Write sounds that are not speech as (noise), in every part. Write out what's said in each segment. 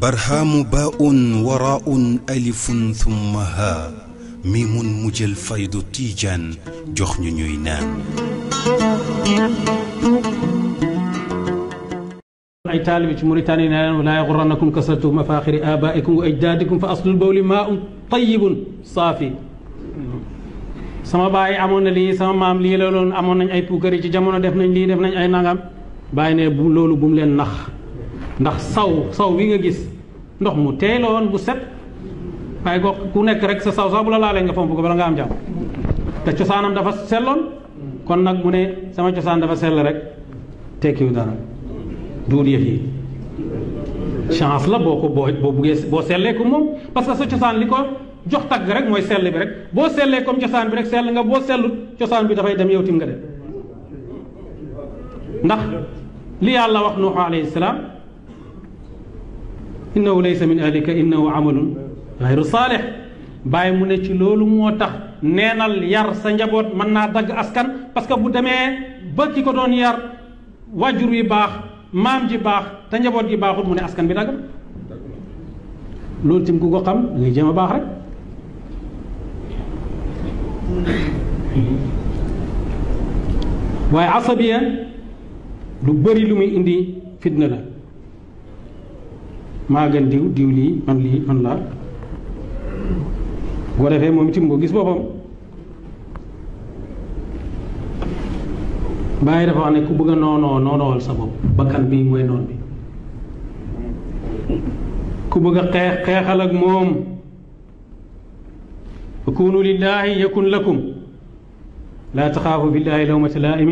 برهام باء وراء ألف ثم ها ميم مجل فيض تيجان جخن يوينان أي طالب موريتاني ولا يغرنكم كسرة مفاخر آبائكم وأجدادكم فأصل البول ماء طيب صافي sama baay amoon na lii sama maam lii la loon amoon nañ ay puukari ci jamono def nañ lii def nañ ay nangam bàyyi ne bu loolu bu mu leen nax ndax saw saw wi nga gis ndox mu teey la woon bu set waaye ko ku nekk rek sa saw saw bu la laalee nga fomp ko bala nga am jàmm te cosaanam dafa selloon kon nag mu ne sama cosaan dafa sell rek tekkiwu dara duul yëf yi chance la boo ko boo boo buggee boo sellee ko moom parce sa cosaan li ko jox tagg rek mooy sell bi rek boo sellee comme cosaan bi rek sell nga boo sellut cosaan bi dafay dem yow tim nga dem ndax li yàlla wax nuuxu alayhi salaam innahu laysa min ahlika innahu amalun gayru saalih bàyyi mu ne ci loolu moo tax neenal yar sa njaboot mën naa dagg askan parce que bu demee ba ci ko doon yar wàjjur wi baax maam ji baax te njaboot gi baaxul mu ne askan bi dagg loolu tim ku ko xam da ngay a baax rek waaye asabiya lu bëri lu muy indi fitna la maa gën diw diw lii man lii man laa boo defee moom itam boo gis boppam bàyyi dafa wax ne ku bëgg a noonoo noonoowal sa bopp bakkan bi mooy noon bi ku bëgg a xeex xeexal ak moom yakunu lillaahi yakun lakum لا تخافوا بالله لومة لائم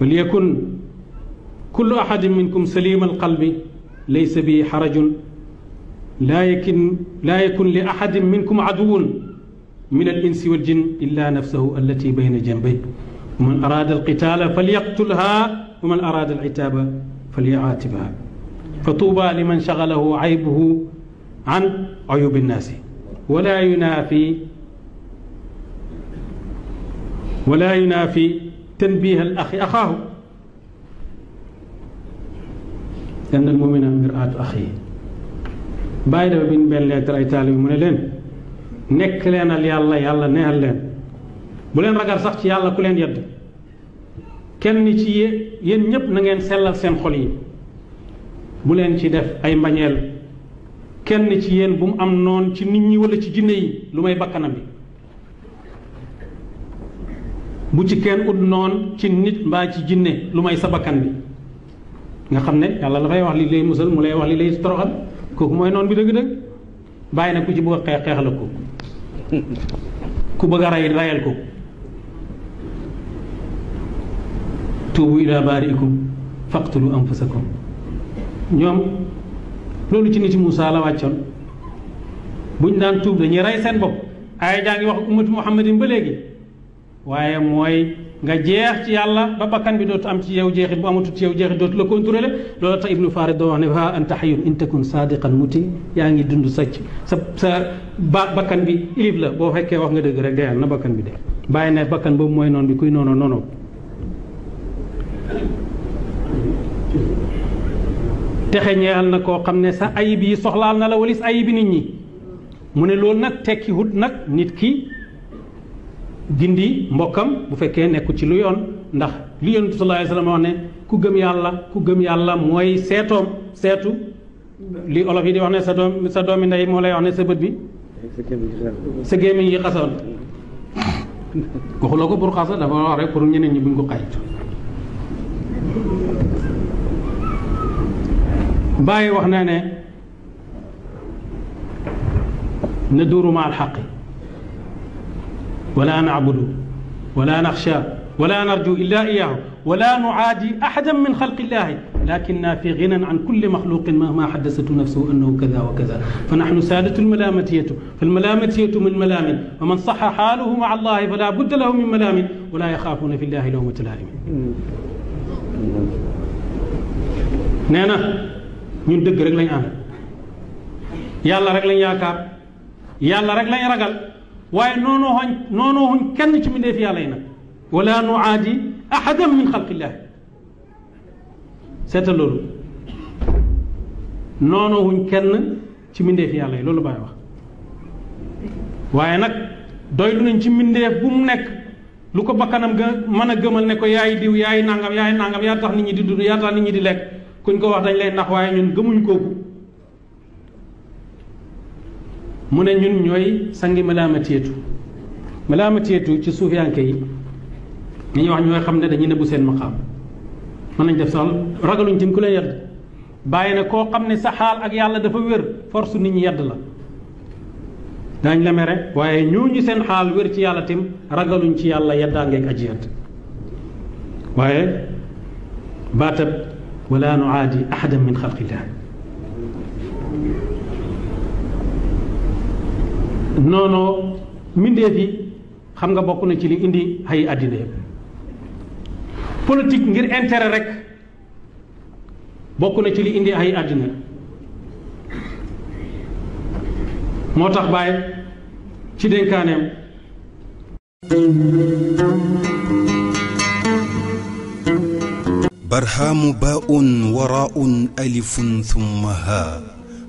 وليكن كل أحد منكم سليم القلب ليس به حرج لا يكن لا يكن لأحد منكم عدو من الإنس والجن إلا نفسه التي بين جنبيه ومن أراد القتال فليقتلها ومن أراد العتاب فليعاتبها فطوبى لمن شغله عيبه عن عيوب الناس ولا ينافي ولا ينافي تنبيه الأخ أخاه لأن المؤمن مرآة أخيه بايدا بين بين لي تراي تعلم من لين نك لين اللي الله يلا نه لين بولين رجع صح شيء الله كلين يد كن نشيء ينجب نعين سلا سن خلي بولين شيء دف أي مانيل كن نشيء بوم أم نون شيء نيني ولا شيء جني لو ما يبقى نبي bu ci kenn ut noon ci nit mbaa ci jinne lu may sa bakkan bi nga xam ne yàlla dafay wax li lay musal mu lay wax li lay toroxal kooku mooy noon bi dëgg-dëgg bàyyi na ku ci bëgg a xeex xeex la ko (laughs) ku bëgg a rey reyal ko tuubu ila baariikum faqtulu ko ñoom loolu ci nit Moussa la wàccoon buñ daan tuub dañuy rey seen bopp ay jaa ngi wax ummatu muhammadin ba léegi waaye mooy nga jeex ci yàlla ba bakkan bi dootu am ci yow jeexit bu amatu ci yow jeexit dootu la contrôler loolu tax ibnu farid doon wax ne ha anta in takun sadiqan muti yaa ngi dund sacc sa sa ba bakkan bi ilif la boo fekkee wax nga dëgg rek dayal na bakkan bi de bàyyi ne bakkan boobu mooy noon bi kuy noono noono texe ñeexal na koo xam ne sa ayib yi soxlaal na la walis ayib nit ñi mu ne loolu tekki nag nit ki gindi mbokkam bu fekkee nekkul ci lu yoon ndax lu yoon sallallahu alayhi wax ne ku gëm yàlla ku gëm yàlla mooy seetoom seetu li olof yi di wax ne sa doom sa doomi ndey moo lay wax ne sa bët bi sa gémmiñ yi xasoon waxuloo ko pour xasa dafa wax rek pour ñeneen ñi buñ ko xaytu bàyyi wax naa ne na duuru ma alxaqi ولا نعبد ولا نخشى ولا نرجو إلا إياه ولا نعادي أحدا من خلق الله لكننا في غنى عن كل مخلوق مهما حدثته نفسه أنه كذا وكذا فنحن سادة الملامتية فالملامتية من ملام ومن صح حاله مع الله فلا بد له من ملام ولا يخافون في الله لومة لائم nee na رجلين آمن يا الله رجلين يا كاب يا الله رجلين يا رجل, ونونوهن كنش من في علينا ولا نعادي أحدا من خلق الله ستلول نونوهن كن من في علينا لولو بايوا وينك دويلو نجي من ديف بوم نك لوكو بكانم غا مانا گمل نكو ياي ديو ياي نانغام ياي نانغام يا تخ نيت ني دودو يا تخ نيت ني دي لك كون كو واخ دنج لاي نخ واي نيون گمون كوكو mu ne ñun ñooy sangi malaama téetu malaama téetu ci suufiyanke yi ñi ñuy wax ñooy xam ne dañuy bu seen maqaam mën nañ def sax ragaluñ tim ku leen yedd bàyyi na koo xam ne sa xaal ak yàlla dafa wér force nit ñi yedd la daañ la waaye waaye ñu seen xaal wér ci yàlla tim ragaluñ ci yàlla yeddaa ngeeg aji yedd waaye baatab wala nu aadi ahadan min xalqillah noonoo mbindeef yi xam nga bokk na ci li indi xëy àddina yëpp politique ngir intere rek bokk na ci li indi xëy àddina moo tax bàyyi ci dénkaaneem barhamu baun waraun alifun thumma ha